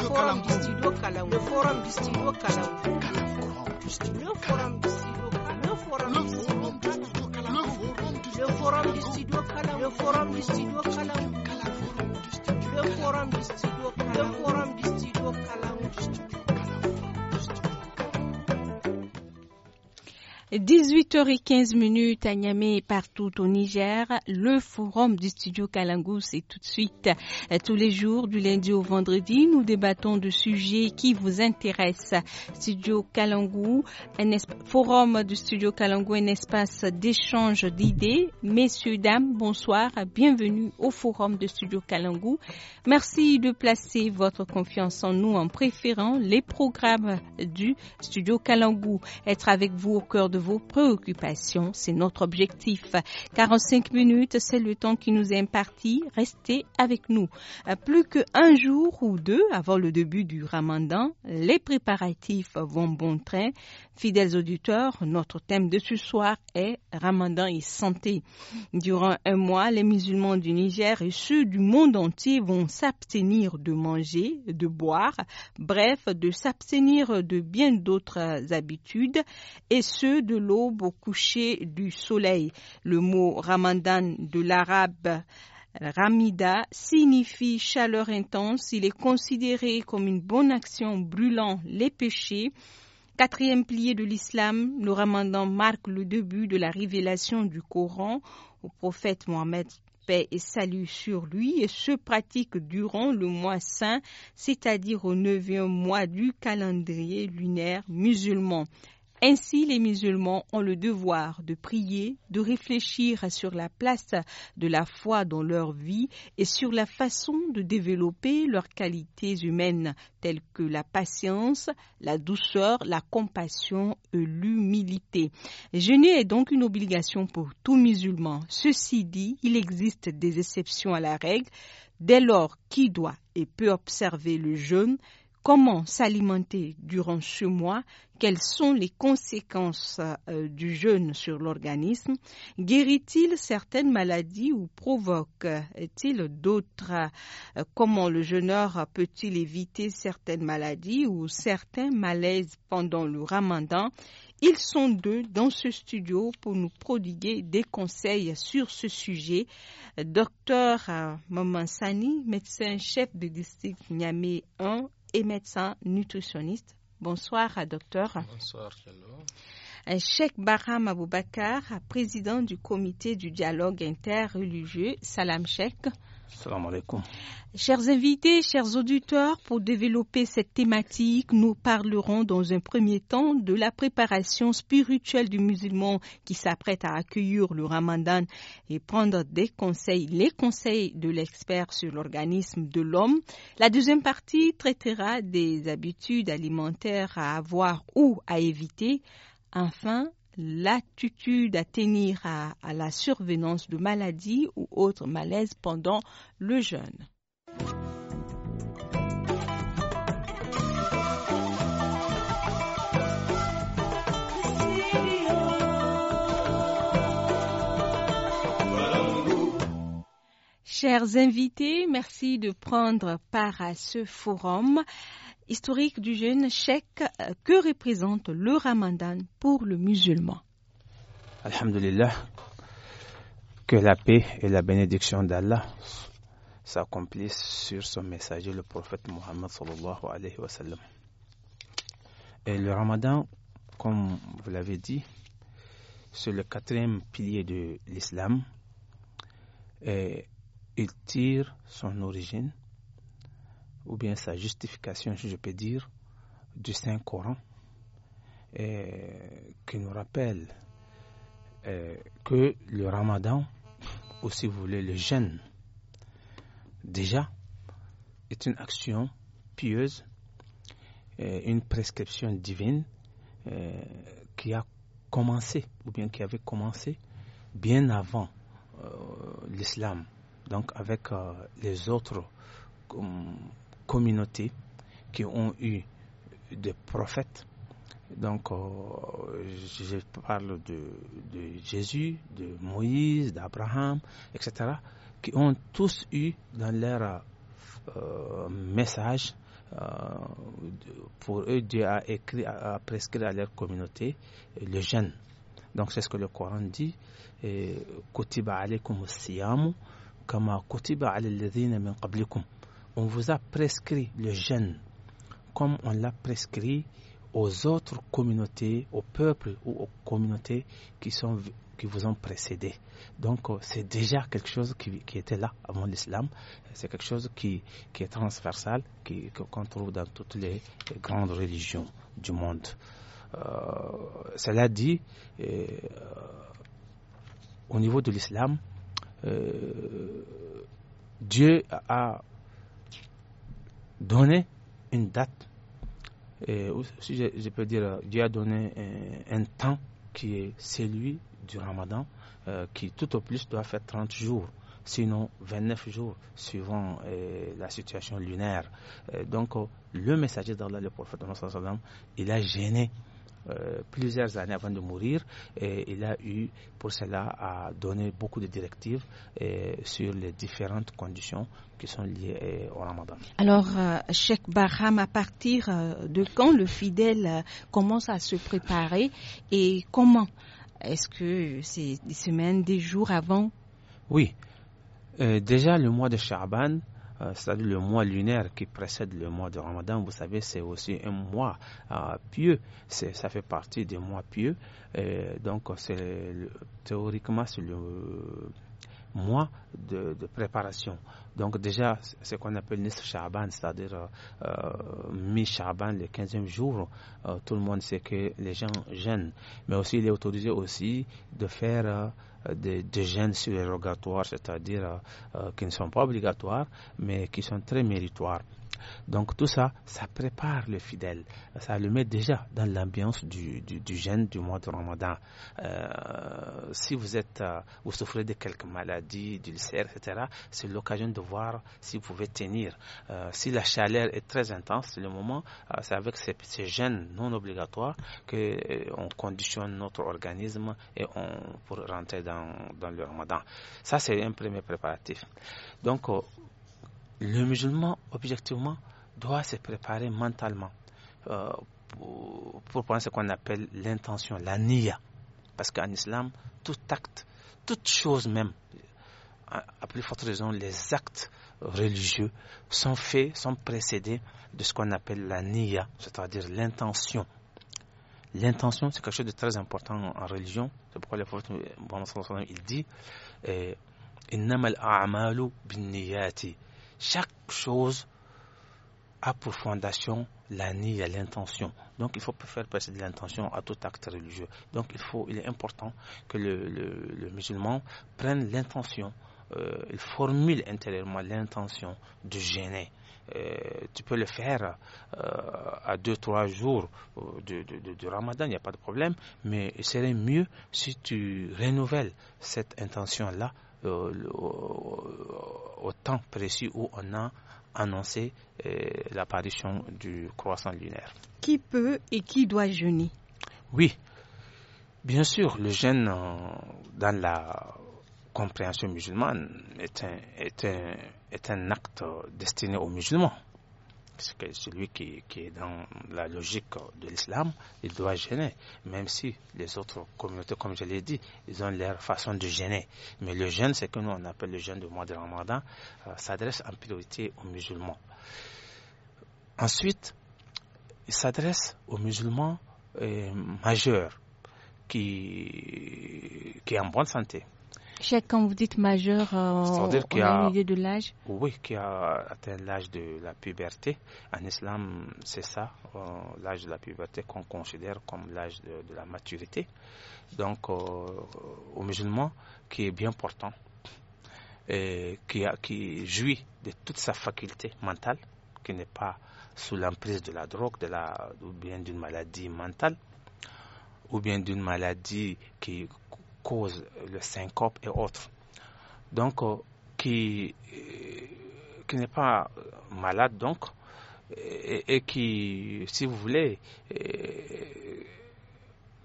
le forum du studio kalangu le forum du studio kalangu le forum du studio kalangu 8 15 minutes à Niamey et partout au Niger, le forum du studio Kalangou, c'est tout de suite. Euh, tous les jours, du lundi au vendredi, nous débattons de sujets qui vous intéressent. Studio Kalangou, un forum du studio Kalangou, un espace d'échange d'idées. Messieurs, dames, bonsoir, bienvenue au forum du studio Kalangou. Merci de placer votre confiance en nous en préférant les programmes du studio Kalangou. Être avec vous au cœur de vos préoccupations c'est notre objectif. 45 minutes, c'est le temps qui nous est imparti. Restez avec nous. Euh, plus qu'un jour ou deux avant le début du ramadan, les préparatifs vont bon train. Fidèles auditeurs, notre thème de ce soir est ramadan et santé. Durant un mois, les musulmans du Niger et ceux du monde entier vont s'abstenir de manger, de boire, bref, de s'abstenir de bien d'autres habitudes, et ceux de l'aube au coucher du soleil. Le mot ramadan de l'arabe Ramida signifie chaleur intense. Il est considéré comme une bonne action brûlant les péchés. Quatrième plié de l'islam, le ramadan marque le début de la révélation du Coran au prophète Mohammed paix et salut sur lui et se pratique durant le mois saint, c'est-à-dire au neuvième mois du calendrier lunaire musulman. Ainsi, les musulmans ont le devoir de prier, de réfléchir sur la place de la foi dans leur vie et sur la façon de développer leurs qualités humaines telles que la patience, la douceur, la compassion et l'humilité. Jeûner est donc une obligation pour tout musulman. Ceci dit, il existe des exceptions à la règle. Dès lors, qui doit et peut observer le jeûne comment s'alimenter durant ce mois, quelles sont les conséquences euh, du jeûne sur l'organisme, guérit-il certaines maladies ou provoque-t-il d'autres, euh, comment le jeûneur peut-il éviter certaines maladies ou certains malaises pendant le ramadan, ils sont deux dans ce studio pour nous prodiguer des conseils sur ce sujet. Docteur euh, Mamansani, médecin chef de district Niamey 1 et médecin nutritionniste. Bonsoir, euh, docteur. Bonsoir, euh, Cheikh Baram Aboubakar, président du comité du dialogue interreligieux, Salam Cheikh. Chers invités, chers auditeurs, pour développer cette thématique, nous parlerons dans un premier temps de la préparation spirituelle du musulman qui s'apprête à accueillir le ramadan et prendre des conseils, les conseils de l'expert sur l'organisme de l'homme. La deuxième partie traitera des habitudes alimentaires à avoir ou à éviter. Enfin, l'attitude à tenir à, la survenance de maladies ou autres malaises pendant le jeûne. Chers invités, merci de prendre part à ce forum historique du jeune chèque, euh, que représente le ramadan pour le musulman Alhamdulillah, que la paix et la bénédiction d'Allah s'accomplissent sur son messager, le prophète Mohammed sallallahu alayhi wa sallam. Et le ramadan, comme vous l'avez dit, c'est le quatrième pilier de l'islam et il tire son origine ou bien sa justification, si je peux dire, du Saint-Coran, qui nous rappelle euh, que le ramadan, ou si vous voulez le jeûne, déjà, est une action pieuse, euh, une prescription divine euh, qui a commencé, ou bien qui avait commencé bien avant l'islam, donc avec les autres communautés qui ont eu des prophètes. Donc, euh, je parle de, Jésus, de Moïse, d'Abraham, etc., qui ont tous eu dans leur euh, message, euh, pour eux, Dieu a, écrit, a prescrit à leur communauté le jeûne. Donc, c'est ce que le Coran dit. Kutiba alaykum siyamu, kama kutiba min qablikum on vous a prescrit le jeûne comme on l'a prescrit aux autres communautés, aux peuples ou aux communautés qui, sont, qui vous ont précédé. Donc euh, c'est déjà quelque chose qui, était là avant l'islam, c'est quelque chose qui, est transversal, qu'on trouve dans toutes les grandes religions du monde. Euh, cela dit, euh, au niveau de l'islam, Dieu a donné une date. Et je, peux dire, euh, Dieu a donné euh, un, temps qui est celui du ramadan, euh, qui tout au plus doit faire 30 jours, sinon 29 jours, suivant la situation lunaire. donc, le messager d'Allah, le prophète, il a gêné euh, plusieurs années avant de mourir, et il a eu pour cela à donner beaucoup de directives sur les différentes conditions qui sont liées euh, au ramadan. Alors, euh, Cheikh Barham, à partir de quand le fidèle commence à se préparer et comment Est-ce que c'est des semaines, des jours avant Oui. déjà, le mois de Shaban, euh, c'est-à-dire le mois lunaire qui précède le mois de Ramadan, vous savez, c'est aussi un mois euh, pieux, ça fait partie des mois pieux, et donc c'est théoriquement c'est le mois de, de, préparation. Donc déjà, ce qu'on appelle Nisr Shaban, c'est-à-dire euh, euh mi-Shaban, le 15e jour, tout le monde sait que les gens gênent. Mais aussi, il est autorisé aussi de faire euh, des, des gènes surérogatoires, c'est-à-dire euh, euh, qui ne sont pas obligatoires, mais qui sont très méritoires. Donc tout ça, ça prépare le fidèle, ça le met déjà dans l'ambiance du, gène du, jeûne du mois de Ramadan. Euh, si vous êtes, euh, vous souffrez de quelques maladies, d'ulcères, etc., c'est l'occasion de voir si vous pouvez tenir. Euh, si la chaleur est très intense, c'est le moment, c'est avec ces, ces non obligatoires qu'on conditionne notre organisme et on pour rentrer dans, dans le Ramadan. Ça c'est un premier préparatif. Donc le musulman, objectivement, doit se préparer mentalement euh, pour, prendre ce qu'on appelle l'intention, la niya. Parce qu'en islam, tout acte, toute chose même, à, plus forte raison, les actes religieux sont faits, sont précédés de ce qu'on appelle la niya, c'est-à-dire l'intention. L'intention, c'est quelque chose de très important en religion. C'est pourquoi le prophète euh, il dit niyati euh, » Chaque chose a pour fondation la et l'intention. Donc il faut faire passer de l'intention à tout acte religieux. Donc il, est important que le, le, musulman prenne l'intention, euh, il formule intérieurement l'intention de gêner. Euh, tu peux le faire euh, à deux, trois jours de, ramadan, il n'y a pas de problème, mais il serait mieux si tu renouvelles cette intention-là euh, au, temps précis où on a annoncé euh, l'apparition du croissant lunaire. Qui peut et qui doit jeûner Oui, bien sûr, le jeûne euh, dans la compréhension musulmane est est est un acte destiné aux musulmans. Parce que celui qui, est dans la logique de l'islam, il doit gêner, même si les autres communautés, comme je l'ai dit, ils ont leur façon de gêner. Mais le jeûne, c'est que nous on appelle le jeûne du mois de Ramadan, euh, s'adresse en priorité aux musulmans. Ensuite, il s'adresse aux musulmans euh, majeurs qui, qui est en bonne santé, quand vous dites majeur, au euh, -dire de l'âge Oui, qui a atteint l'âge de la puberté. En islam, c'est ça, euh, l'âge de la puberté qu'on considère comme l'âge de, la maturité. Donc, euh, au musulman, qui est bien portant, et qui, a, qui jouit de toute sa faculté mentale, qui n'est pas sous l'emprise de la drogue, de la, ou bien d'une maladie mentale, ou bien d'une maladie qui cause le syncope et autres. Donc, euh, qui, euh, qui n'est pas euh, malade, donc, et, qui, si vous voulez,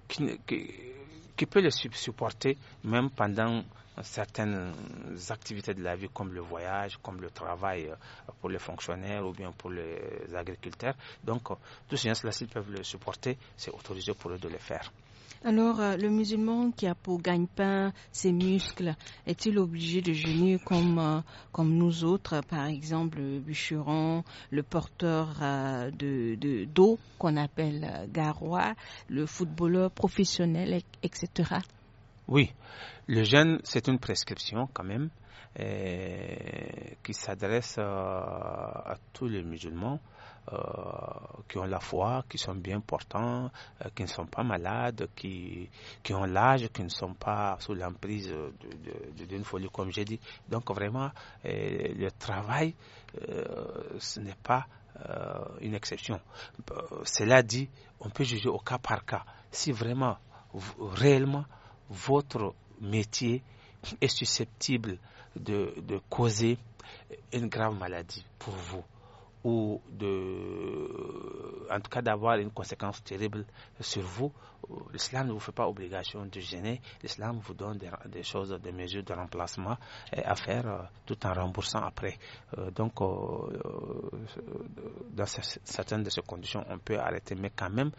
qui, peut le supporter même pendant certaines activités de la vie comme le voyage, comme le travail pour les fonctionnaires ou bien pour les agriculteurs. Donc, tous ces gens s'ils peuvent le supporter, c'est autorisé pour eux de le faire. Alors, euh, le musulman qui a pour gagne-pain ses muscles, est-il obligé de jeûner euh, comme, nous autres, par exemple le bûcheron, le porteur euh, de d'eau qu'on appelle garrois, le footballeur professionnel, etc. Oui, le jeûne, c'est une prescription quand même qui s'adresse à tous les musulmans. Euh, qui ont la foi, qui sont bien portants, euh, qui ne sont pas malades, qui, qui ont l'âge, qui ne sont pas sous l'emprise d'une folie, comme j'ai dit. Donc vraiment, euh, le travail, ce n'est pas une exception. cela dit, on peut juger au cas par cas. Si vraiment, réellement, votre métier est susceptible de, de causer une grave maladie pour vous ou de, en tout cas d'avoir une conséquence terrible sur vous, euh, l'islam ne vous fait pas obligation de gêner, l'islam vous donne des, choses, des mesures de remplacement à faire euh, tout en remboursant après. Euh, donc, dans certaines de ces conditions, on peut arrêter, mais quand même,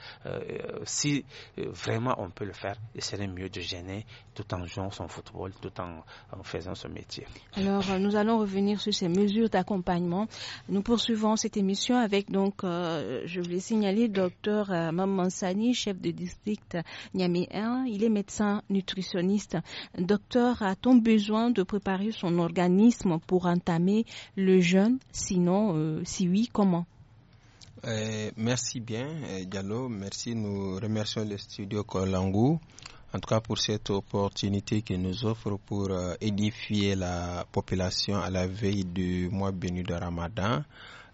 si vraiment on peut le faire, il serait mieux de gêner tout en jouant son football, tout en, en faisant ce métier. Alors, nous allons revenir sur ces mesures d'accompagnement. Nous poursuivons cette émission avec donc, euh, je voulais signaler docteur euh, Mamansani, chef de district Niamey 1. Il est médecin nutritionniste. Docteur, a-t-on besoin de préparer son organisme pour entamer le jeûne Sinon, euh, si oui, comment Merci bien, Diallo. Merci. Nous remercions le studio Kolangou en tout cas pour cette opportunité qu'il nous offre pour édifier la population à la veille du mois béni de Ramadan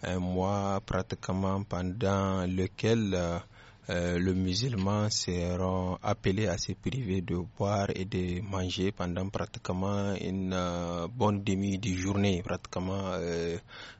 un mois pratiquement pendant lequel euh, euh le musulman sera appelé à se priver de boire et de manger pendant pratiquement une euh, bonne demi-journée, pratiquement euh,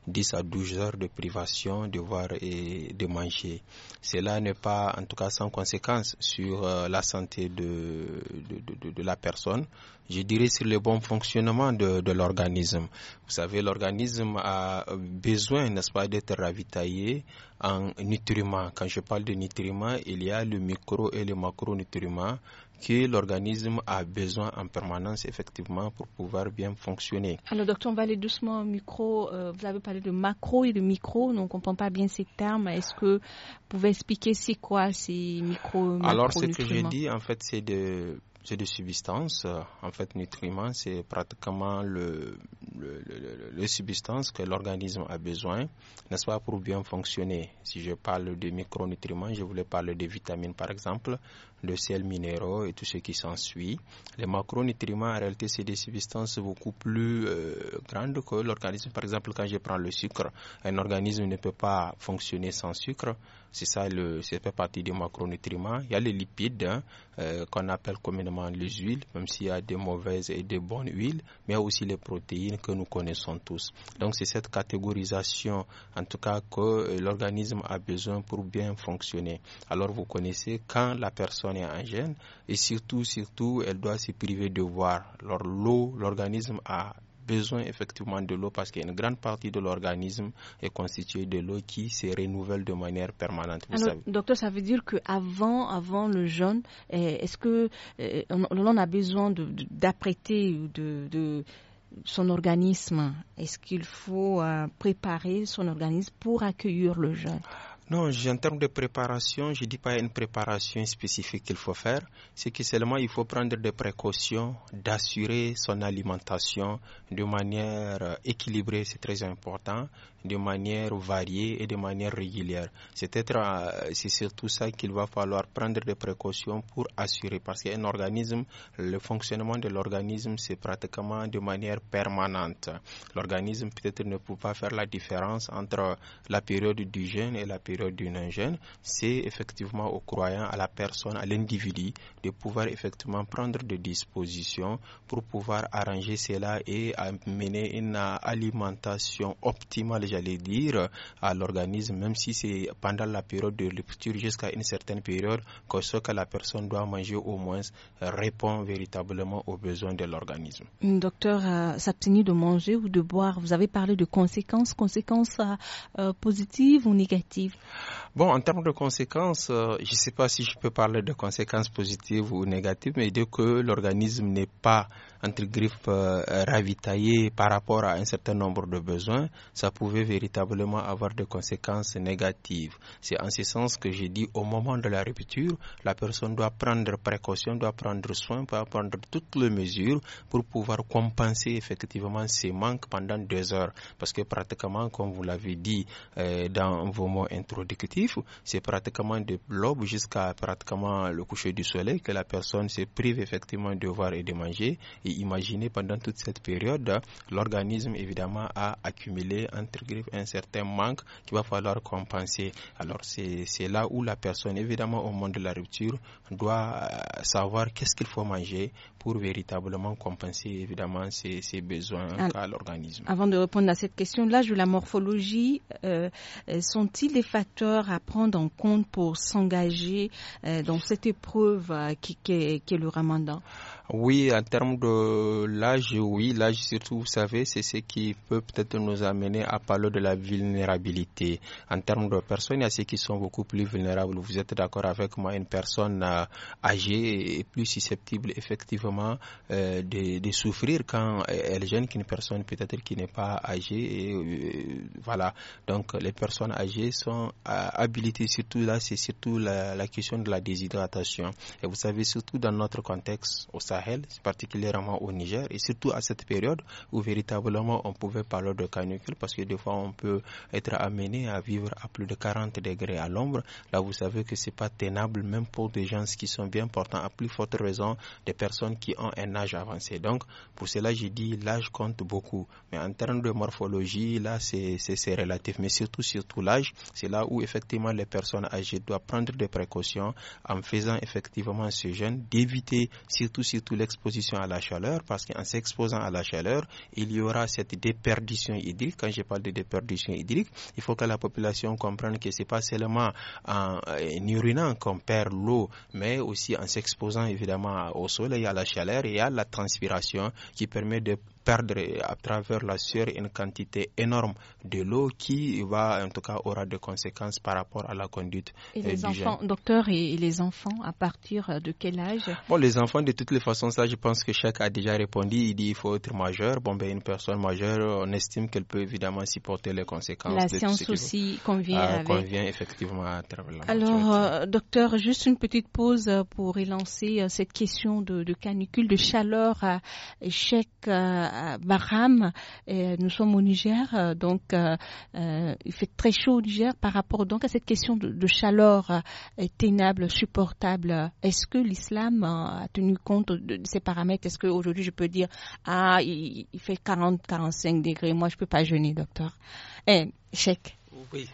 10 à 12 heures de privation de boire et de manger. Cela n'est pas en tout cas sans conséquence sur euh, la santé de, de, de, de la personne, je dirais, sur le bon fonctionnement de, l'organisme. Vous savez, l'organisme a besoin, n'est-ce pas, d'être ravitaillé en nutriments. Quand je parle de nutriments, il y a le micro et le macronutriments que l'organisme a besoin en permanence, effectivement, pour pouvoir bien fonctionner. Alors, docteur, on va aller doucement au micro. Euh, vous avez parlé de macro et de micro, donc on ne comprend pas bien ces termes. Est-ce que vous pouvez expliquer c'est quoi ces micro Alors, ce que j'ai dit, en fait, c'est de c'est des substances, euh, en fait, nutriments, c'est pratiquement le, le, le, le substance que l'organisme a besoin, n'est-ce pas, pour bien fonctionner. Si je parle de micronutriments, je voulais parler des vitamines, par exemple, de sel minéraux et tout ce qui s'ensuit. Les macronutriments, en réalité, c'est des substances beaucoup plus euh, grandes que l'organisme. Par exemple, quand je prends le sucre, un organisme ne peut pas fonctionner sans sucre. C'est ça, le, ça fait partie des macronutriments. Il y a les lipides hein, euh, qu'on appelle communément les huiles, même s'il y a des mauvaises et des bonnes huiles, mais y a aussi les protéines que nous connaissons tous. Donc c'est cette catégorisation, en tout cas, que euh, l'organisme a besoin pour bien fonctionner. Alors vous connaissez, quand la personne est en gêne, et surtout, surtout, elle doit se priver de voir. Alors l'eau, l'organisme a besoin effectivement de l'eau parce qu'une grande partie de l'organisme est constituée de l'eau qui se renouvelle de manière permanente. docteur, ça veut dire qu'avant avant le jeûne, eh, est-ce que l'on eh, a besoin d'apprêter de, de son organisme Est-ce qu'il faut euh, préparer son organisme pour accueillir le jeûne non, en termes de préparation, je ne dis pas une préparation spécifique qu'il faut faire. C'est que seulement il faut prendre des précautions, d'assurer son alimentation de manière euh, équilibrée, c'est très important, de manière variée et de manière régulière. C'est euh, c'est surtout ça qu'il va falloir prendre des précautions pour assurer, parce qu'un organisme, le fonctionnement de l'organisme, c'est pratiquement de manière permanente. L'organisme peut-être ne peut pas faire la différence entre la période du jeûne et la période du non-jeûne. C'est effectivement au croyant, à la personne, à l'individu de pouvoir effectivement prendre des dispositions pour pouvoir arranger cela et mener une alimentation optimale j'allais dire, à l'organisme, même si c'est pendant la période de rupture jusqu'à une certaine période, que ce que la personne doit manger au moins répond véritablement aux besoins de l'organisme. Docteur, euh, s'abstenir de manger ou de boire, vous avez parlé de conséquences, conséquences euh, euh, positives ou négatives Bon, en termes de conséquences, euh, je ne sais pas si je peux parler de conséquences positives ou négatives, mais dès que l'organisme n'est pas, entre griffes, ravitaillé par rapport à un certain nombre de besoins, ça pouvait véritablement avoir des conséquences négatives. C'est en ce sens que j'ai dit au moment de la rupture, la personne doit prendre précaution, doit prendre soin, doit prendre toutes les mesures pour pouvoir compenser effectivement ces manques pendant deux heures. Parce que pratiquement, comme vous l'avez dit euh, dans vos mots introductifs, c'est pratiquement de l'aube jusqu'à pratiquement le coucher du soleil que la personne se prive effectivement de voir et de manger. Et imaginez pendant toute cette période, l'organisme évidemment a accumulé entre un certain manque qu'il va falloir compenser. Alors c'est là où la personne, évidemment au moment de la rupture, doit euh, savoir qu'est-ce qu'il faut manger pour véritablement compenser évidemment ses, besoins ah, à l'organisme. Avant de répondre à cette question, l'âge ou la morphologie euh, euh, sont-ils des facteurs à prendre en compte pour s'engager dans cette épreuve qui, est, qui est le ramadan oui, en termes de l'âge, oui, l'âge surtout, vous savez, c'est ce qui peut peut-être nous amener à parler de la vulnérabilité. En termes de personnes, il y a ceux qui sont beaucoup plus vulnérables. Vous êtes d'accord avec moi, une personne euh, âgée est plus susceptible effectivement euh, de, de, souffrir quand elle est jeune qu'une personne peut-être qui n'est pas âgée. Euh, voilà. Donc les personnes âgées sont euh, habilitées surtout là, c'est surtout la, la, question de la déshydratation. Et vous savez, surtout dans notre contexte, au c'est particulièrement au Niger, et surtout à cette période où véritablement on pouvait parler de canicule parce que des fois on peut être amené à vivre à plus de 40 degrés à l'ombre. Là, vous savez que c'est pas tenable même pour des gens qui sont bien portants, à plus forte raison des personnes qui ont un âge avancé. Donc, pour cela, j'ai dit l'âge compte beaucoup. Mais en termes de morphologie, là, c'est relatif. Mais surtout, surtout l'âge, c'est là où effectivement les personnes âgées doivent prendre des précautions en faisant effectivement ce jeûne, d'éviter surtout, surtout surtout l'exposition à la chaleur, parce qu'en s'exposant à la chaleur, il y aura cette déperdition hydrique. Quand je parle de déperdition hydrique, il faut que la population comprenne que ce n'est pas seulement en, en urinant qu'on perd l'eau, mais aussi en s'exposant évidemment au soleil, à la chaleur et à la transpiration qui permet de perdre à travers la sueur une quantité énorme de l'eau qui va, en tout cas, aura des conséquences par rapport à la conduite. Et euh, les enfants, docteur, et les enfants, à partir de quel âge Bon, les enfants, de toutes les façons, ça, je pense que chaque a déjà répondu. Il dit il faut être majeur. Bon, ben, une personne majeure, on estime qu'elle peut évidemment supporter les conséquences. La science aussi convient. Euh, Convient effectivement à travers Alors, euh, docteur, juste une petite pause euh, pour élancer cette question de, canicule, de chaleur à échec. Baham, nous sommes au Niger, euh, donc euh, euh, il fait très chaud au Niger par rapport donc à cette question de, chaleur tenable, supportable. Est-ce que l'islam a tenu compte de, ces paramètres Est-ce qu'aujourd'hui je peux dire ah il, fait 40, 45 degrés, moi je peux pas jeûner, docteur eh, Oui.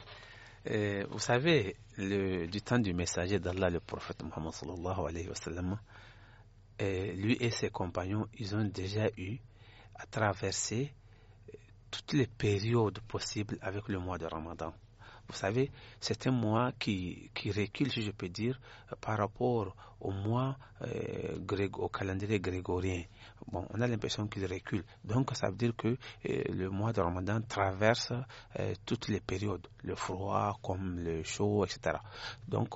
vous savez, du temps du messager d'Allah, le prophète Mohammed lui et ses compagnons, ils ont déjà eu à traverser euh, toutes les périodes possibles avec le mois de Ramadan. Vous savez, c'est un mois qui, qui, recule, si je peux dire, par rapport au mois euh, au calendrier grégorien. Bon, on a l'impression qu'il recule. Donc, ça veut dire que euh, le mois de Ramadan traverse euh, toutes les périodes, le froid comme le chaud, etc. Donc,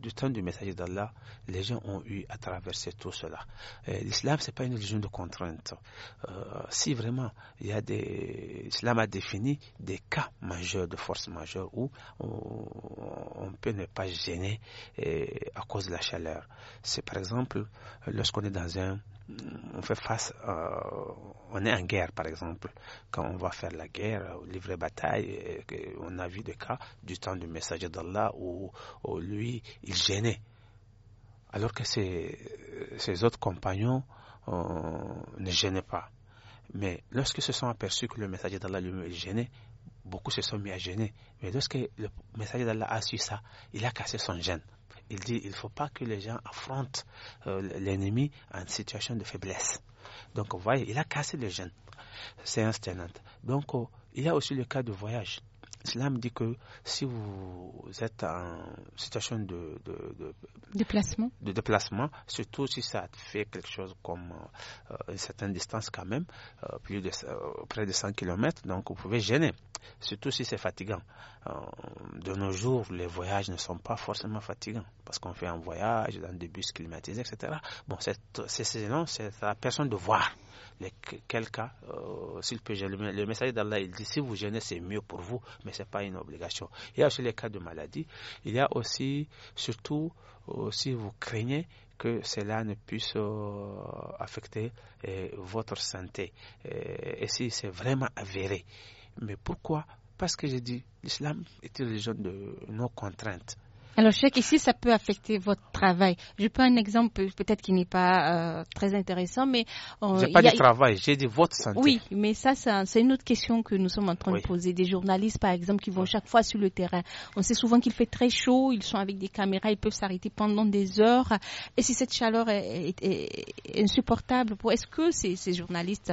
du temps du message d'Allah, les gens ont eu à traverser tout cela. L'islam, c'est pas une religion de contrainte. si vraiment il y a des, l'islam a défini des cas majeurs de force majeure où on, on peut ne pas gêner à cause de la chaleur c'est par exemple lorsqu'on est dans un on fait face, euh, on est en guerre par exemple, quand on va faire la guerre, euh, livrer bataille, on a vu des cas du temps du messager d'Allah où, lui, il gênait. Alors que ses, ses autres compagnons euh, ne gênaient pas. Mais lorsqu'ils se sont aperçus que le messager d'Allah lui gênait, beaucoup se sont mis à gêner. Mais lorsque le messager d'Allah a su ça, il a cassé son gêne. Il dit il ne faut pas que les gens affrontent euh, l'ennemi en situation de faiblesse. Donc, vous voyez, il a cassé les jeunes. C'est un Donc, euh, il y a aussi le cas de voyage. Cela dit que si vous êtes en situation de, déplacement. de déplacement, surtout si ça fait quelque chose comme euh, une certaine distance quand même, euh, plus de, euh, près de 100 km, donc vous pouvez gêner, surtout si c'est fatigant. de nos jours, les voyages ne sont pas forcément fatigants parce qu'on fait un voyage dans des bus climatisés, etc. Bon, c'est gênant, c'est à la personne de voir quel cas, euh, s'il peut Le message d'Allah, il dit si vous gênez, c'est mieux pour vous, mais ce n'est pas une obligation. Il y a aussi les cas de maladie. Il y a aussi, surtout, euh, si vous craignez que cela ne puisse euh, affecter votre santé. Et, si c'est vraiment avéré. Mais pourquoi Parce que j'ai dit, l'islam est une religion de nos contraintes. Alors, je sais ça peut affecter votre travail. Je peux un exemple peut-être qui n'est pas euh, très intéressant, mais... Euh, j'ai pas a... du travail, j'ai de votre santé. Oui, mais ça, c'est une autre question que nous sommes en train de poser. Des journalistes, par exemple, qui vont chaque fois sur le terrain. On sait souvent qu'il fait très chaud, ils sont avec des caméras, ils peuvent s'arrêter pendant des heures. Et si cette chaleur est, insupportable, pour... est-ce que ces, journalistes...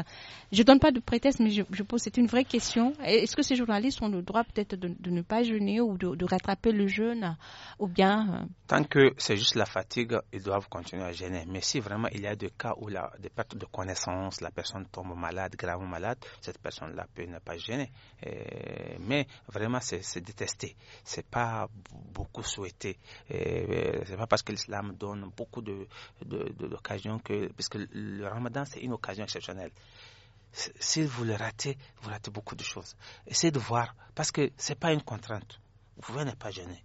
Je donne pas de prétexte, mais je, pose, c'est une vraie question. Est-ce que ces journalistes ont le droit peut-être de, ne pas jeûner ou de rattraper le jeûne ou bien... Euh, Tant que c'est juste la fatigue, ils doivent continuer à gêner. Mais si vraiment il y a des cas où la, des pertes de connaissance, la personne tombe malade, gravement malade, cette personne-là peut ne pas gêner. Euh, mais vraiment, c'est détesté. C'est pas beaucoup souhaité. Euh, c'est pas parce que l'islam donne beaucoup d'occasions de, de, que... Parce le ramadan, c'est une occasion exceptionnelle si vous le ratez, vous ratez beaucoup de choses. Essayez de voir, parce que ce n'est pas une contrainte. Vous pouvez ne pas gêner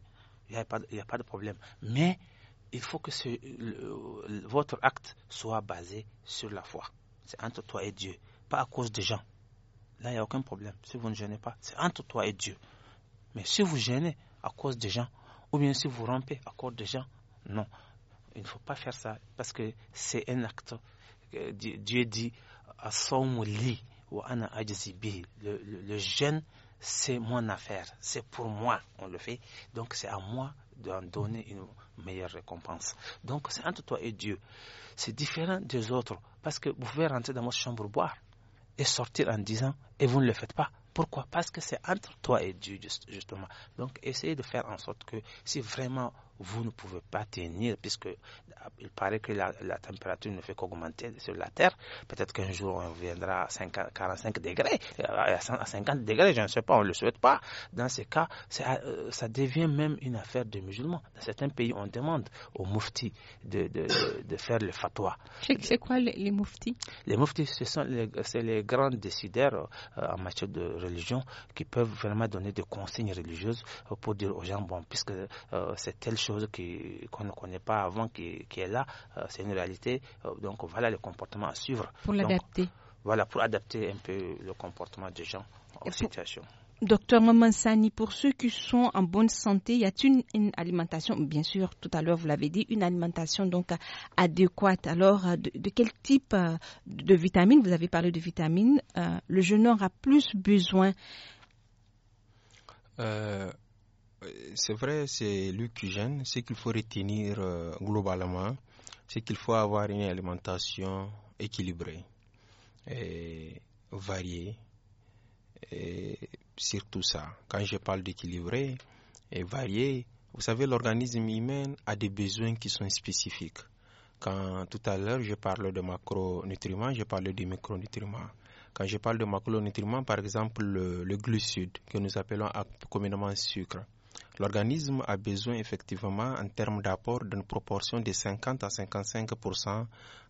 il n'y a, a, pas de problème. Mais il faut que ce, votre acte soit basé sur la foi. C'est entre toi et Dieu, pas à cause des gens. Là, il n'y a aucun problème. Si vous ne gênez pas, c'est entre toi et Dieu. Mais si vous gênez à cause des gens, ou bien si vous rompez à cause des gens, non. Il ne faut pas faire ça parce que c'est un acte. Dieu dit, à son lit, le, le, le jeûne c'est mon affaire, c'est pour moi on le fait, donc c'est à moi d'en donner une meilleure récompense. Donc c'est entre toi et Dieu. C'est différent des autres, parce que vous pouvez rentrer dans votre chambre boire et sortir en disant, et vous ne le faites pas. Pourquoi Parce que c'est entre toi et Dieu, justement. Donc, essayez de faire en sorte que si vraiment vous ne pouvez pas tenir, puisque il paraît que la, température ne fait qu'augmenter sur la Terre. Peut-être qu'un jour on viendra à 45 degrés, euh, à 50 degrés, je ne sais pas, on ne le souhaite pas. Dans ces cas, euh, ça, devient même une affaire de musulmans. Dans certains pays, on demande aux mouftis de, de, faire le fatwa. C'est quoi les, les Les muftis, ce sont les, grands décideurs euh, en matière de religion qui peuvent vraiment donner des consignes religieuses pour dire aux gens, bon, puisque c'est tel chose qu'on ne connaît pas avant qui, est là, euh, c'est une réalité. Euh, donc voilà le comportement à suivre. Pour l'adapter. Voilà, pour adapter un peu le comportement des gens aux situations. Docteur Mamansani, pour ceux qui sont en bonne santé, y a-t-il une, alimentation, bien sûr, tout à l'heure vous l'avez dit, une alimentation donc adéquate Alors, euh, de, quel type de vitamines Vous avez parlé de vitamines. le jeune homme a plus besoin euh, c'est vrai, c'est lui Ce qu'il faut retenir euh, globalement, c'est qu'il faut avoir une alimentation équilibrée, et variée, et tout ça. Quand je parle d'équilibré et varié, vous savez, l'organisme humain a des besoins qui sont spécifiques. Quand tout à l'heure je parle de macronutriments, je parle de micronutriments. Quand je parle de macronutriments, par exemple, le, le glucide, que nous appelons communément sucre, l'organisme a besoin effectivement en termes d'apport d'une proportion de 50 à 55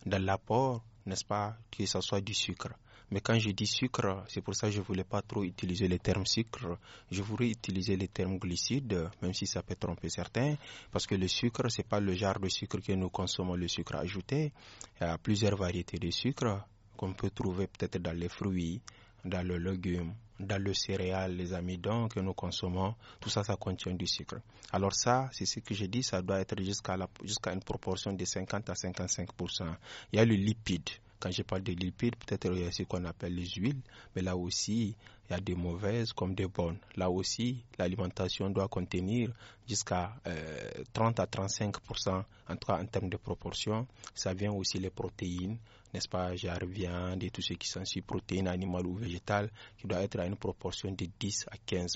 de l'apport, n'est-ce pas, que ce soit du sucre. Mais quand je dis sucre, c'est pour ça que je ne voulais pas trop utiliser le terme sucre. Je voudrais utiliser le terme glycide, même si ça peut tromper certains, parce que le sucre, ce n'est pas le genre de sucre que nous consommons, le sucre ajouté. Il y a plusieurs variétés de sucre qu'on peut trouver peut-être dans les fruits, dans les légumes dans le céréal, les amidons que nous consommons, tout ça, ça contient du sucre. Alors ça, c'est ce que j'ai dit, ça doit être jusqu'à une proportion de 50 à 55 Il y a le lipide. Quand je parle de lipides, peut-être il y a ce qu'on appelle les huiles, mais là aussi, il y a des mauvaises comme des bonnes. Là aussi, l'alimentation doit contenir jusqu'à 30 euh, à 35 en tout cas en termes de proportion. Ça vient aussi les protéines, n'est-ce pas, genre viande et tout ce qui s'ensuit, protéines animales ou végétales, qui doit être à une proportion de 10 à 15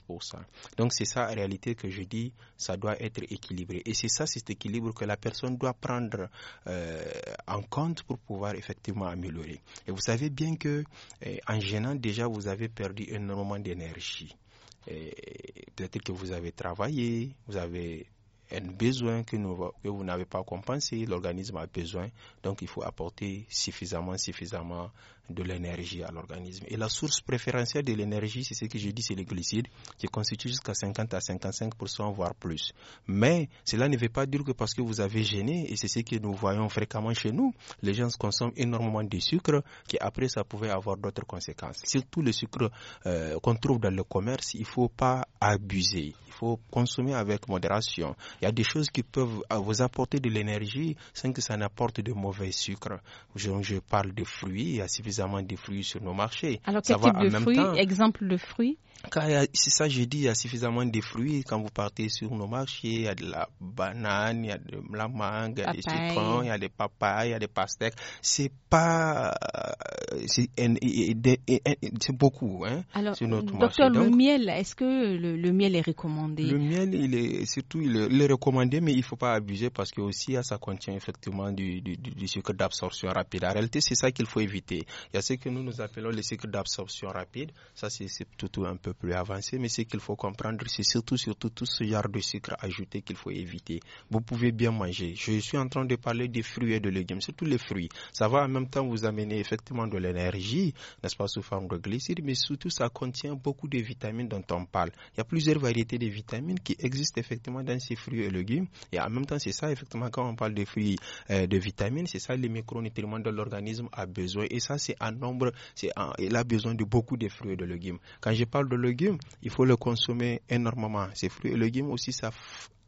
Donc c'est ça en réalité que je dis, ça doit être équilibré. Et c'est ça, cet équilibre que la personne doit prendre euh, en compte pour pouvoir effectivement améliorer. Et vous savez bien que euh, en gênant déjà, vous avez perdu énormément d'énergie. Peut-être que vous avez travaillé, vous avez un besoin que, vous n'avez pas compensé, l'organisme a besoin, donc il faut apporter suffisamment, suffisamment de l'énergie à l'organisme. Et la source préférentielle de l'énergie, c'est ce que je dis, c'est les glucides, qui constituent jusqu'à 50 à 55%, voire plus. Mais cela ne veut pas dire que parce que vous avez gêné, et c'est ce que nous voyons fréquemment chez nous, les gens consomment énormément de sucre, qui après ça pouvait avoir d'autres conséquences. Surtout le sucre euh, qu'on trouve dans le commerce, il ne faut pas abuser faut consommer avec modération. Il y a des choses qui peuvent euh, vous apporter de l'énergie sans que ça n'apporte de mauvais sucre. Je, parle de fruits, il y a suffisamment de fruits sur nos marchés. Alors, quel ça type va de fruits Exemple de fruits car c'est ça, j'ai dit, il y a suffisamment de fruits quand vous partez sur nos marchés. Il y a de la banane, il y a de la mangue, il y a des citrons, il y a des papayes, il y a des pastèques. C'est pas. C'est beaucoup hein, Alors, sur notre docteur, marché. Donc, le miel, est-ce que le, miel est recommandé Le miel, il est surtout il est, recommandé, mais il ne faut pas abuser parce que aussi ça contient effectivement du, du, sucre d'absorption rapide. En réalité, c'est ça qu'il faut éviter. Il y a ce que nous, nous appelons le sucre d'absorption rapide. Ça, c'est tout un peu plus avancer. Mais ce qu'il faut comprendre, c'est surtout, surtout tout ce genre de sucre ajouté qu'il faut éviter. Vous pouvez bien manger. Je suis en train de parler des fruits et des légumes, surtout les fruits. Ça va en même temps vous amener effectivement de l'énergie, n'est-ce pas, sous forme de glycides, mais surtout ça contient beaucoup de vitamines dont on parle. Il y a plusieurs variétés de vitamines qui existent effectivement dans ces fruits et légumes. Et en même temps, c'est ça, effectivement, quand on parle de fruits, euh, de vitamines, c'est ça les micronutriments de l'organisme a besoin. Et ça, c'est un nombre, c'est il a besoin de beaucoup de fruits et de légumes. Quand je parle de légumes, il faut le consommer énormément. Ces fruits et légumes aussi, ça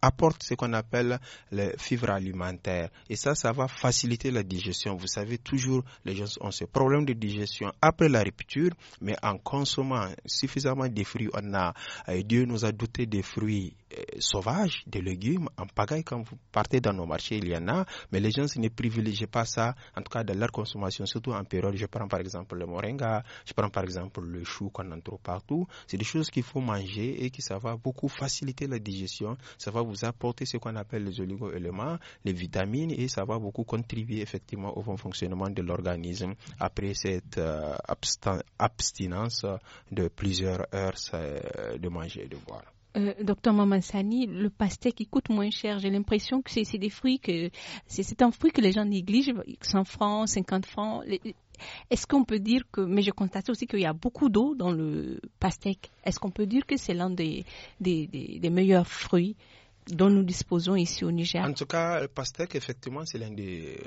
apporte ce qu'on appelle les fibres alimentaires. Et ça, ça va faciliter la digestion. Vous savez, toujours, les gens ont ce problème de digestion après la rupture, mais en consommant suffisamment de fruits, on a, euh, Dieu nous a doté des fruits euh, sauvages, des légumes en pagaille quand vous partez dans nos marchés, il y en a, mais les gens ne privilégient pas ça, en tout cas dans leur consommation, surtout en période. Je prends par exemple le moringa, je prends par exemple le chou qu'on en trouve partout. C'est des choses qu'il faut manger et qui ça va beaucoup faciliter la digestion, ça va vous apporter ce qu'on appelle les oligo-éléments, les vitamines et ça va beaucoup contribuer effectivement au bon fonctionnement de l'organisme après cette euh, abstinence de plusieurs heures euh, de manger et de boire. Euh, docteur Mamansani, le pastèque qui coûte moins cher. J'ai l'impression que c'est des fruits que c'est un fruit que les gens négligent. 100 francs, 50 francs. Est-ce qu'on peut dire que mais je constate aussi qu'il y a beaucoup d'eau dans le pastèque. Est-ce qu'on peut dire que c'est l'un des meilleurs fruits? dont nous disposons ici au Niger. En tout cas, le pastèque, effectivement, c'est l'un des,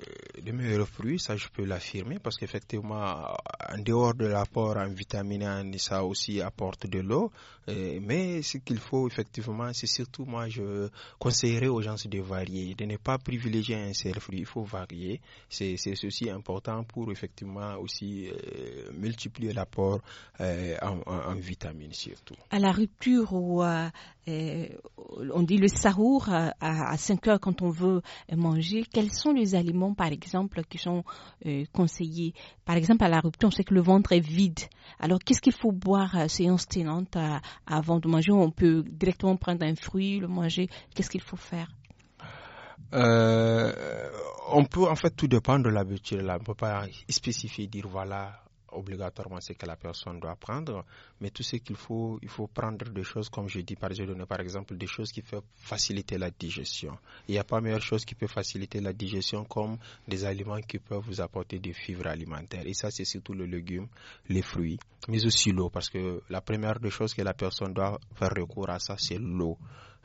meilleurs fruits, ça je peux l'affirmer, parce qu'effectivement, en dehors de l'apport en vitamine, ça aussi apporte de l'eau. Euh, mais ce qu'il faut, effectivement, c'est surtout, moi, je conseillerais aux gens de varier, de ne pas privilégier un seul fruit, il faut varier. C'est ceci important pour, effectivement, aussi euh, multiplier l'apport euh, en, en, en vitamines, surtout. À la rupture ou à euh, on dit le sahour à, à, 5 heures quand on veut manger, quels sont les aliments, par exemple, qui sont euh, conseillés Par exemple, à la rupture, on sait que le ventre est vide. Alors, qu'est-ce qu'il faut boire euh, c'est séance tenante avant de manger On peut directement prendre un fruit, le manger. Qu'est-ce qu'il faut faire On peut, en fait, tout dépend de l'habitude. On ne peut pas spécifier, dire voilà obligatoirement ce que la personne doit prendre, mais tout ce qu'il faut, il faut prendre des choses, comme je dis par, exemple, des choses qui peuvent faciliter la digestion. Il n'y a pas meilleure chose qui peut faciliter la digestion comme des aliments qui peuvent vous apporter des fibres alimentaires. Et ça, c'est surtout le légume, les fruits, mais aussi l'eau, parce que la première des choses que la personne doit faire recours à ça, c'est l'eau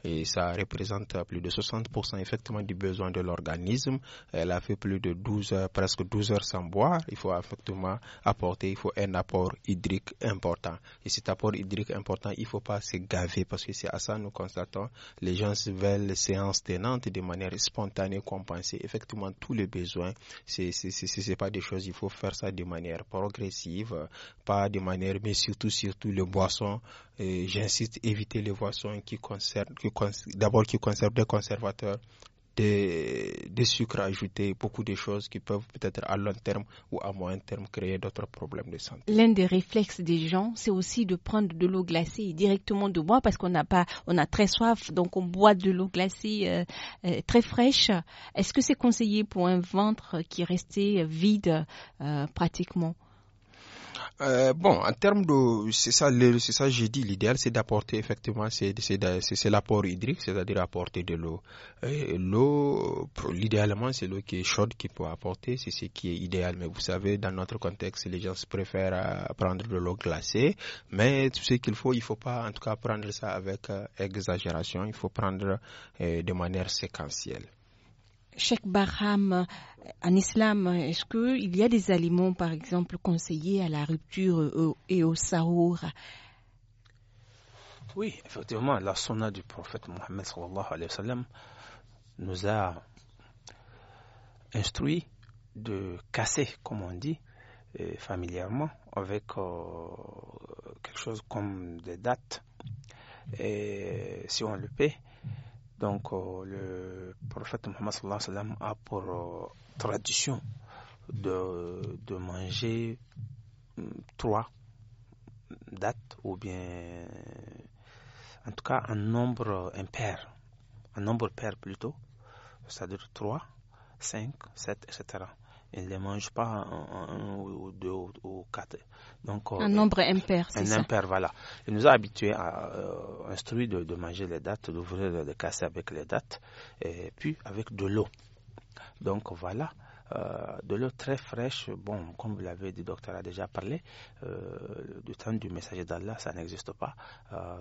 et ça représente plus de 60% effectivement du besoin de l'organisme. Elle a fait plus de 12 heures, presque 12 heures sans boire. Il faut effectivement apporter, il faut un apport hydrique important. Et cet apport hydrique important, il ne faut pas se gaver parce que c'est à ça nous constatons. Les gens veulent les séances de manière spontanée, compenser effectivement tous les besoins. Ce n'est pas des choses, il faut faire ça de manière progressive, pas de manière, mais surtout, surtout les boissons. J'insiste, éviter les boissons qui, concernent, d'abord qui conserve des conservateurs, des, des, sucres ajoutés, beaucoup de choses qui peuvent peut-être à long terme ou à moyen terme créer d'autres problèmes de santé. L'un des réflexes des gens, c'est aussi de prendre de l'eau glacée directement de bois parce qu'on n'a pas, on a très soif, donc on boit de l'eau glacée euh, euh, très fraîche. Est-ce que c'est conseillé pour un ventre qui restait vide euh, pratiquement? Euh, bon, en termes de, c'est ça, c'est ça, j'ai dit, l'idéal, c'est d'apporter effectivement, c'est, l'apport hydrique, c'est-à-dire apporter de l'eau. Euh, l'eau, l'idéalement, c'est l'eau qui est chaude qui peut apporter, c'est ce qui est idéal. Mais vous savez, dans notre contexte, les gens préfèrent euh, prendre de l'eau glacée. Mais tout ce qu'il faut, il ne faut pas, en tout cas, prendre ça avec exagération. Il faut prendre de manière séquentielle. Cheikh Barham, euh, en islam, est-ce qu'il y a des aliments, par exemple, conseillés à la rupture euh, et au saour Oui, effectivement, la sunna du prophète Mohammed alayhi wa sallam, nous a instruit de casser, comme on dit, euh, familièrement, avec quelque chose comme des dates. Et si on le paie, donc, euh, le prophète Mohammed a pour euh, tradition de, manger mm, trois dates, ou bien, en tout cas, un nombre impair, un nombre pair plutôt, c'est-à-dire trois, cinq, sept, etc ils ne les mangent pas un ou deux ou, quatre. Donc, euh, un nombre impair, c'est ça Un impair, voilà. Il nous a habitués à euh, instruire de, manger les dates, d'ouvrir les casser avec les dates, et puis avec de l'eau. Donc voilà. Euh, de l'eau très fraîche. Bon, comme vous l'avez dit, docteur a déjà parlé, du temps du messager d'Allah, ça n'existe pas.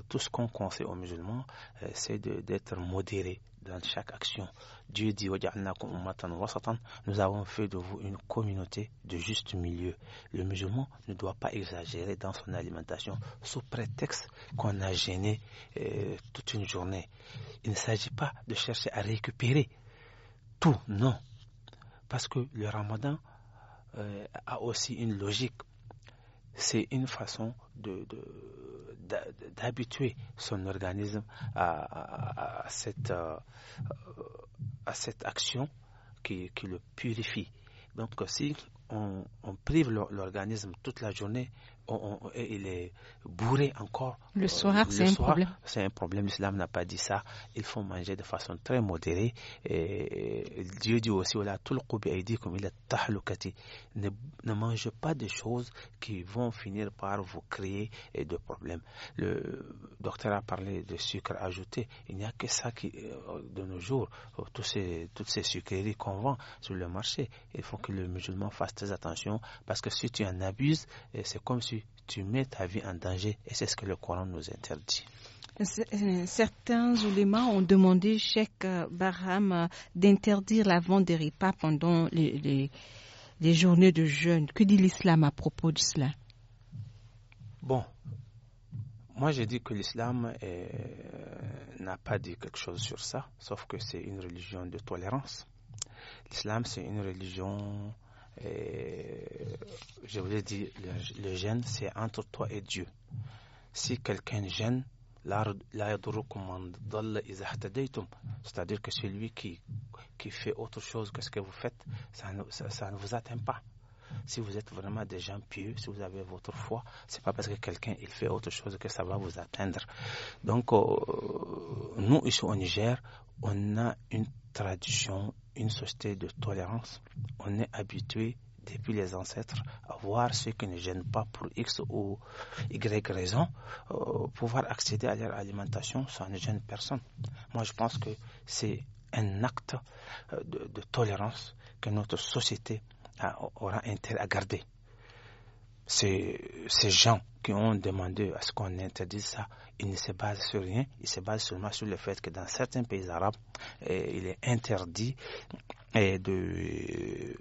tout ce qu'on conseille aux musulmans, c'est d'être modéré dans chaque action. Dieu dit Nous avons fait de vous une communauté de juste milieu. Le musulman ne doit pas exagérer dans son alimentation sous prétexte qu'on a gêné euh, toute une journée. Il ne s'agit pas de chercher à récupérer tout, non. Parce que le ramadan euh, a aussi une logique c'est une façon de, d'habituer son organisme à, cette, euh, à cette action qui, le purifie. Donc euh, si on, prive l'organisme toute la journée et il est bourré encore. Le euh, soir, c'est un problème. C'est un problème. L'islam n'a pas dit ça. Il faut manger de façon très modérée. Et Dieu dit aussi comme il est ne, ne mange pas de choses qui vont finir par vous créer de problèmes. Le docteur a parlé de sucre ajouté. Il n'y a que ça qui, euh, de nos jours, euh, tous ces, toutes ces sucreries qu'on vend sur le marché, il faut que le musulman fasse très attention parce que si tu en abuses, eh, c'est comme si tu mets ta vie en danger et c'est ce que le Coran nous interdit. Eh, certains ulémas ont demandé, Cheikh euh, Barham, euh, d'interdire la vente des repas pendant les, les, journées de jeûne. Que dit l'islam à propos de cela Bon, moi, j'ai dit que l'islam eh, n'a pas dit quelque chose sur ça, sauf que c'est une religion de tolérance. L'islam, c'est une religion je vous ai dit, le, gêne, c'est entre toi et Dieu. Si quelqu'un gêne, c'est-à-dire que celui qui, qui fait autre chose que ce que vous faites, ça ne, ça, ne vous atteint pas. Si vous êtes vraiment des gens pieux, si vous avez votre foi, c'est pas parce que quelqu'un il fait autre chose que ça va vous atteindre. Donc, euh, nous, ici au Niger, on a une tradition, une société de tolérance. On est habitué depuis les ancêtres à voir ceux qui ne gênent pas pour X ou Y raison, euh, pouvoir accéder à leur alimentation, ça ne gêne personne. Moi, je pense que c'est un acte euh, de, tolérance que notre société aura intérêt à garder ces, ces gens qui ont demandé à ce qu'on interdise ça, ils ne se basent sur rien, ils se basent seulement sur le fait que dans certains pays arabes, eh, il est interdit eh, de,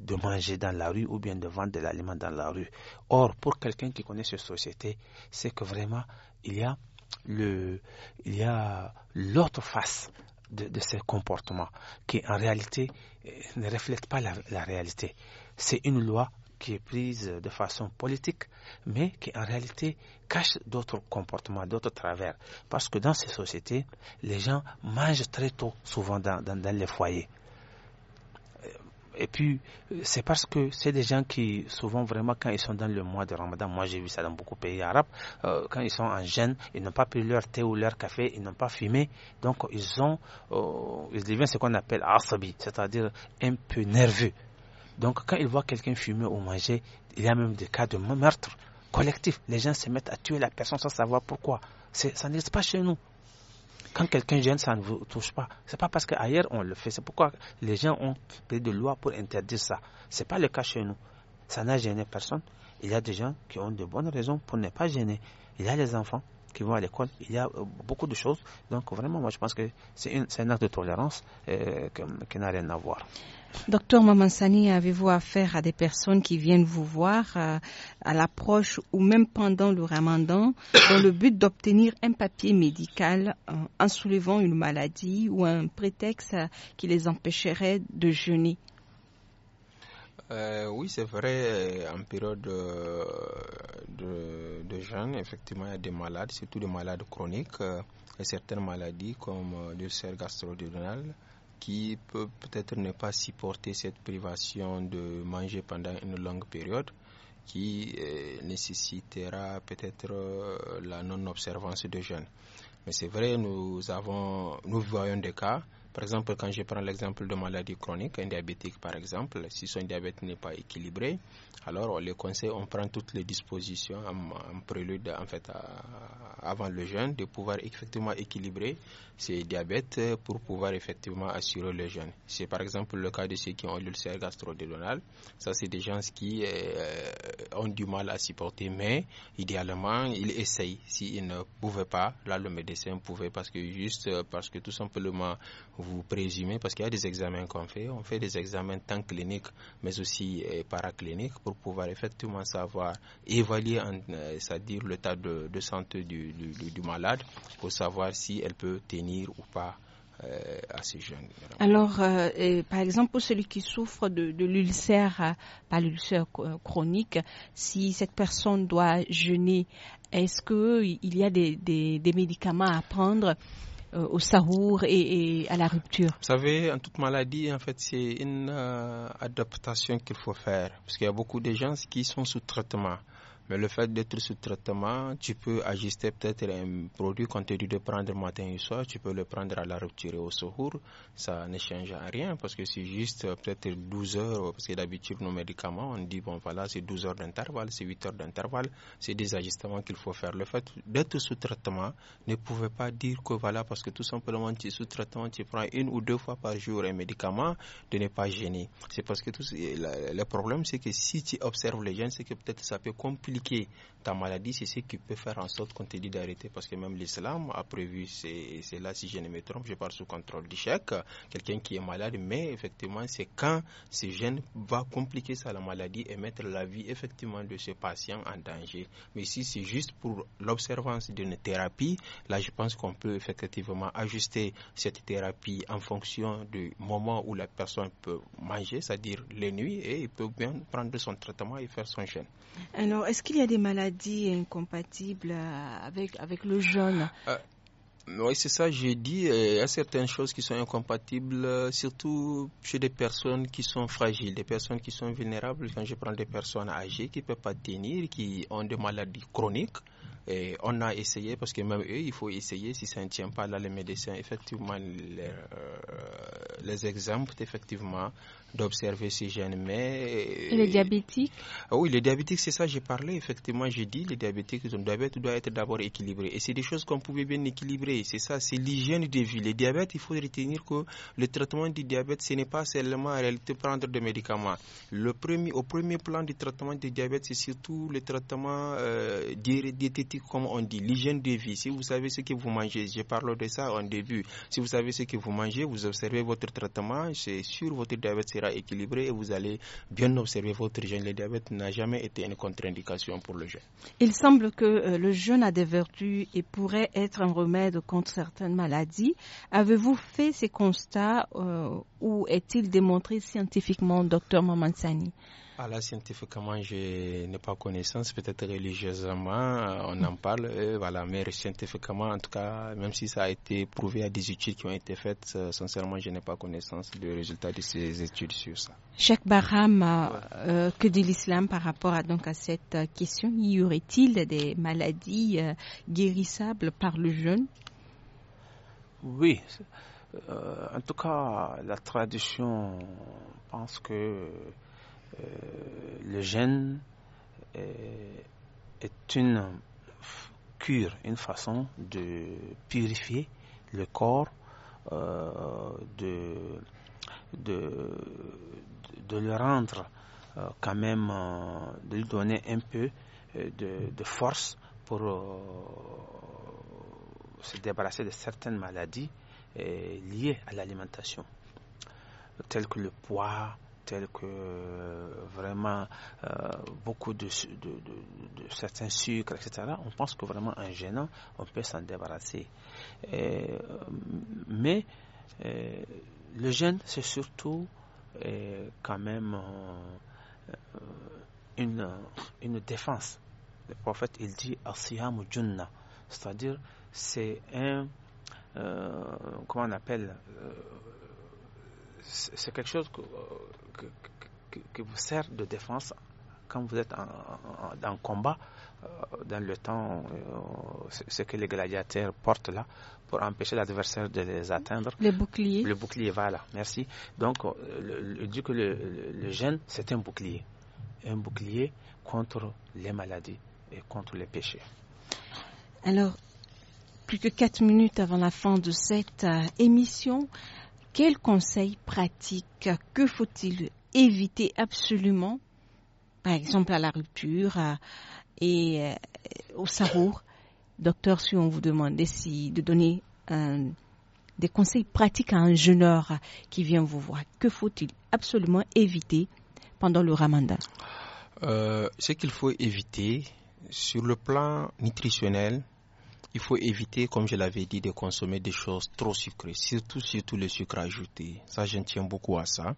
de manger dans la rue ou bien de vendre de l'aliment dans la rue. Or, pour quelqu'un qui connaît cette société, c'est que vraiment, il y a le, il y a l'autre face de, de, ces comportements qui en réalité eh, ne reflètent pas la réalité. C'est une loi qui est prise de façon politique, mais qui en réalité cache d'autres comportements, d'autres travers. Parce que dans ces sociétés, les gens mangent très tôt, souvent dans, les foyers. Et puis, c'est parce que c'est des gens qui, souvent, vraiment, quand ils sont dans le mois de Ramadan, moi j'ai vu ça dans beaucoup de pays arabes, euh, quand ils sont en jeûne, ils n'ont pas pris leur thé ou leur café, ils n'ont pas fumé. Donc, ils ont, euh, ils deviennent ce qu'on appelle asabi, c'est-à-dire un peu nerveux. Donc quand ils voient quelqu'un fumer ou manger, il y a même des cas de meurtre collectif. Les gens se mettent à tuer la personne sans savoir pourquoi. Ça n'existe pas chez nous. Quand quelqu'un gêne, ça ne vous touche pas. C'est pas parce qu'ailleurs on le fait. C'est pourquoi les gens ont pris des lois pour interdire ça. C'est pas le cas chez nous. Ça n'a gêné personne. Il y a des gens qui ont de bonnes raisons pour ne pas gêner. Il y a les enfants qui vont à l'école. Il y a euh, beaucoup de choses. Donc vraiment, moi je pense que c'est un acte de tolérance euh, qui n'a rien à voir. Docteur Mamansani, avez-vous affaire à des personnes qui viennent vous voir euh, à l'approche ou même pendant le ramadan dans le but d'obtenir un papier médical en soulevant une maladie ou un prétexte qui les empêcherait de jeûner euh, oui, c'est vrai, euh, en période euh, de, jeûne, effectivement, il y a des malades, surtout des malades chroniques, et certaines maladies comme le l'ulcère gastro-duodénal qui peut peut-être ne pas supporter cette privation de manger pendant une longue période qui nécessitera peut-être la non-observance de jeûne. Mais c'est vrai, nous avons, nous voyons des cas par exemple, quand je prends l'exemple de maladie chronique, un diabétique par exemple, si son diabète n'est pas équilibré, alors on les conseille, on prend toutes les dispositions en, prélude, en fait, avant le jeûne, de pouvoir effectivement équilibrer ces diabète euh, pour pouvoir effectivement assurer le jeunes. C'est par exemple le cas de ceux qui ont l'ulcère gastrodélonal Ça, c'est des gens qui euh, euh, ont du mal à supporter, mais idéalement, ils essayent. S'ils ne pouvaient pas, là, le médecin pouvait parce que juste parce que tout simplement, vous présumez, parce qu'il y a des examens qu'on fait. On fait des examens tant cliniques, mais aussi paracliniques pour pouvoir effectivement savoir évaluer, c'est-à-dire le tas de, santé du malade pour savoir si elle peut tenir ou pas euh, à ces jeunes. Alors, euh, par exemple, pour celui qui souffre de, l'ulcère, euh, pas l'ulcère chronique, si cette personne doit jeûner, est-ce qu'il y a des, médicaments à prendre au sahour et, et, à la rupture Vous savez, en toute maladie, en fait, c'est une adaptation qu'il faut faire, parce qu'il y a beaucoup de gens qui sont sous traitement. Mais le fait d'être sous traitement, tu peux ajuster peut-être un produit qu'on t'a dû de prendre matin et soir, tu peux le prendre à la rupture et au secours. Ça ne change rien parce que c'est juste peut-être 12 heures, parce que d'habitude nos médicaments, on dit bon voilà, c'est 12 heures d'intervalle, c'est 8 heures d'intervalle, c'est des ajustements qu'il faut faire. Le fait d'être sous traitement ne pouvait pas dire que voilà, parce que tout simplement tu es sous traitement, tu prends une ou deux fois par jour un médicament, de ne pas gêner. C'est parce que tout, le problème c'est que si tu observes les jeunes, c'est que peut-être ça peut compliquer est ta maladie, c'est ce qui peut faire en sorte qu'on te dit d'arrêter. Parce que même l'islam a prévu, c'est là, si je ne me trompe, je parle sous contrôle du chèque, quelqu'un qui est malade, mais effectivement, c'est quand ce gène va compliquer ça, la maladie, et mettre la vie, effectivement, de ce patient en danger. Mais si c'est juste pour l'observance d'une thérapie, là, je pense qu'on peut effectivement ajuster cette thérapie en fonction du moment où la personne peut manger, c'est-à-dire les nuits, et il peut bien prendre son traitement et faire son gène. Alors, est-ce qu'il y a des maladies incompatibles euh, avec, avec le jeûne euh, Oui, c'est ça, j'ai dit. Euh, il y a certaines choses qui sont incompatibles, surtout chez des personnes qui sont fragiles, des personnes qui sont vulnérables. Quand je prends des personnes âgées qui ne peuvent pas tenir, qui ont des maladies chroniques, et on a essayé, parce que même eux, il faut essayer. Si ça ne tient pas, là, les médecins, effectivement, les, les exemples, effectivement, d'observer ces gènes, Mais... les diabétiques euh, Oui, les diabétiques, c'est ça j'ai parlé. Effectivement, j'ai dit, les diabétiques, le diabète doit être d'abord équilibré. Et c'est des choses qu'on pouvait bien équilibrer. C'est ça, c'est l'hygiène de vie. Les diabètes, il faut retenir que le traitement du diabète, ce n'est pas seulement en réalité prendre des médicaments. Le premier, au premier plan du traitement du diabète, c'est surtout le traitement euh, diététique, comme on dit, l'hygiène de vie. Si vous savez ce que vous mangez, je parle de ça en début. Si vous savez ce que vous mangez, vous observez votre traitement, c'est sur votre diabète, sera équilibré et vous allez bien observer votre jeûne. Le diabète n'a jamais été une contre-indication pour le jeûne. Il semble que euh, le jeûne a des vertus et pourrait être un remède contre certaines maladies. Avez-vous fait ces constats euh, ou est-il démontré scientifiquement, docteur Mamansani scientifiquement, je n'ai pas connaissance. Peut-être religieusement, euh, on en mm. parle. voilà, mais scientifiquement, en tout cas, même si ça a été prouvé à des études qui ont été faites, euh, sincèrement, je n'ai pas connaissance du résultat de ces études sur ça. Cheikh Barham, euh, que dit l'islam par rapport à, donc, à cette question Y aurait-il des maladies guérissables par le jeûne Oui. en tout cas, la tradition pense que euh, le gène euh, est une cure, une façon de purifier le corps euh, de, de, le rendre quand même, de lui donner un peu de, de, force pour se débarrasser de certaines maladies liées à l'alimentation, telles que le poids, tel que euh, vraiment euh, beaucoup de, de, certains sucres, etc., on pense que vraiment en gênant, on peut s'en débarrasser. Euh, mais le gène, c'est surtout quand même une, une défense. Le prophète, il dit Asiyam Junna, c'est-à-dire c'est un, comment on appelle, c'est quelque chose euh, que, vous sert de défense quand vous êtes en, combat. Euh, dans le temps, euh, ce que les gladiateurs portent là pour empêcher l'adversaire de les atteindre. Le bouclier. Le bouclier, voilà, merci. Donc, le, dit que le, gène, c'est un bouclier. Un bouclier contre les maladies et contre les péchés. Alors, plus que 4 minutes avant la fin de cette émission. Quels conseils pratiques Que faut-il éviter absolument Par exemple, à la rupture et euh, au savour. Docteur, si on vous demande de donner des conseils pratiques à un jeune homme qui vient vous voir, que faut-il absolument éviter pendant le ramadan euh, Ce qu'il faut éviter sur le plan nutritionnel, il faut éviter, comme je l'avais dit, de consommer des choses trop sucrées, surtout, surtout le sucre ajouté. Ça, je tiens beaucoup à ça.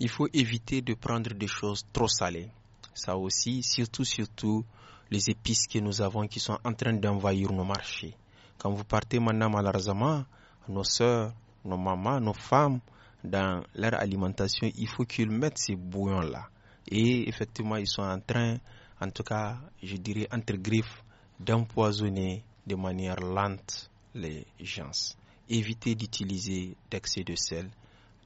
Il faut éviter de prendre des choses trop salées. Ça aussi, surtout, surtout les épices que nous avons qui sont en train d'envahir nos marchés. Quand vous partez maintenant malheureusement, nos sœurs, nos mamans, nos femmes, dans leur alimentation, il faut qu'ils mettent ces bouillons-là. Et effectivement, ils sont en train, en tout cas, je dirais entre griffes, d'empoisonner de manière lente les gens. Évitez d'utiliser d'excès de sel,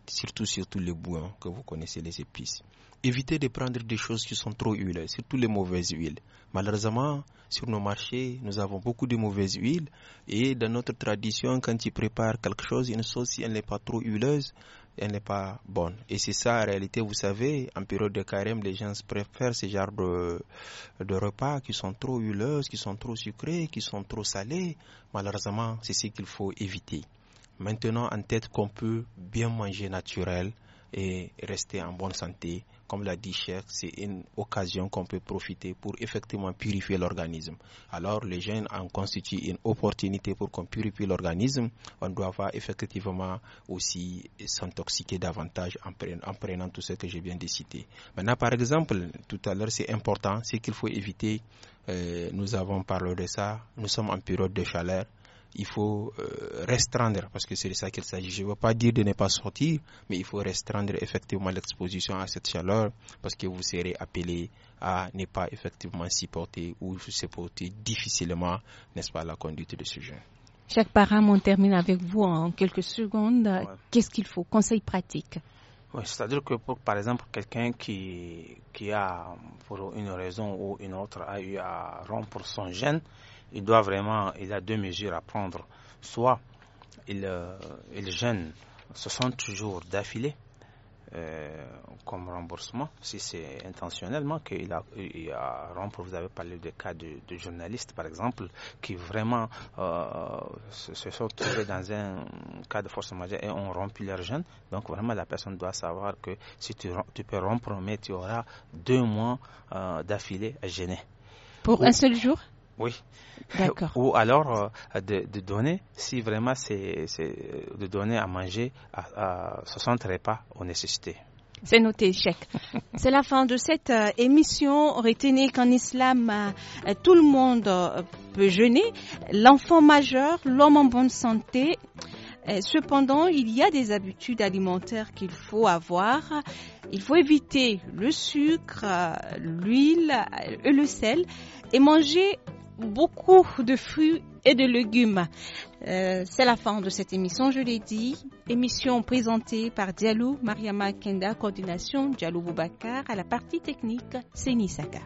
surtout sur tous les bouillons que vous connaissez, les épices. Évitez de prendre des choses qui sont trop huileuses, surtout les mauvaises huiles. Malheureusement, sur nos marchés, nous avons beaucoup de mauvaises huiles et dans notre tradition, quand ils préparent quelque chose, une sauce, si elle n'est pas trop huileuse, elle n'est pas bonne. Et c'est ça, en réalité, vous savez, en période de carême, les gens préfèrent ces genre de, repas qui sont trop huileuses, qui sont trop sucrés, qui sont trop salés. Malheureusement, c'est ce qu'il faut éviter. Maintenant, en tête qu'on peut bien manger naturel et rester en bonne santé comme l'a dit Cher, c'est une occasion qu'on peut profiter pour effectivement purifier l'organisme. Alors les gènes en constituent une opportunité pour qu'on purifie l'organisme. On doit pas effectivement aussi s'intoxiquer davantage en prenant, tout ce que j'ai bien décidé. Maintenant, par exemple, tout à l'heure, c'est important, c'est qu'il faut éviter, euh, nous avons parlé de ça, nous sommes en période de chaleur, il faut euh, restreindre, parce que c'est de ça qu'il s'agit. Je ne veux pas dire de ne pas sortir, mais il faut restreindre effectivement l'exposition à cette chaleur, parce que vous serez appelé à ne pas effectivement supporter ou supporter difficilement, n'est-ce pas, la conduite de ce jeune. Chaque parent, on termine avec vous en quelques secondes. Qu'est-ce qu'il faut Conseil pratique. c'est-à-dire que par exemple, quelqu'un qui, qui a, pour une raison ou une autre, a eu à rompre son gène, il doit vraiment, il a deux mesures à prendre. Soit il, gêne, euh, il gêne toujours d'affilée euh, comme remboursement, si c'est intentionnellement qu'il a, il rompre. Vous avez parlé de cas de, journalistes, par exemple, qui vraiment euh, se, sont trouvés dans un cas de force majeure et ont rompu leur gêne. Donc vraiment, la personne doit savoir que si tu, peux rompre, mais tu auras deux mois d'affilée à gêner. Pour un seul jour oui. Ou alors euh, de, donner, si vraiment c'est de donner à manger à, à 60 repas aux nécessités. C'est noté, chèque. C'est la fin de cette euh, émission. Retenez qu'en islam, euh, tout le monde peut jeûner, l'enfant majeur, l'homme en bonne santé. Cependant, il y a des habitudes alimentaires qu'il faut avoir. Il faut éviter le sucre, l'huile et le sel et manger beaucoup de fruits et de légumes. Euh, c'est la fin de cette émission, je l'ai dit. Émission présentée par Dialou Mariama Kenda, coordination Dialou Boubacar à la partie technique Sénissaka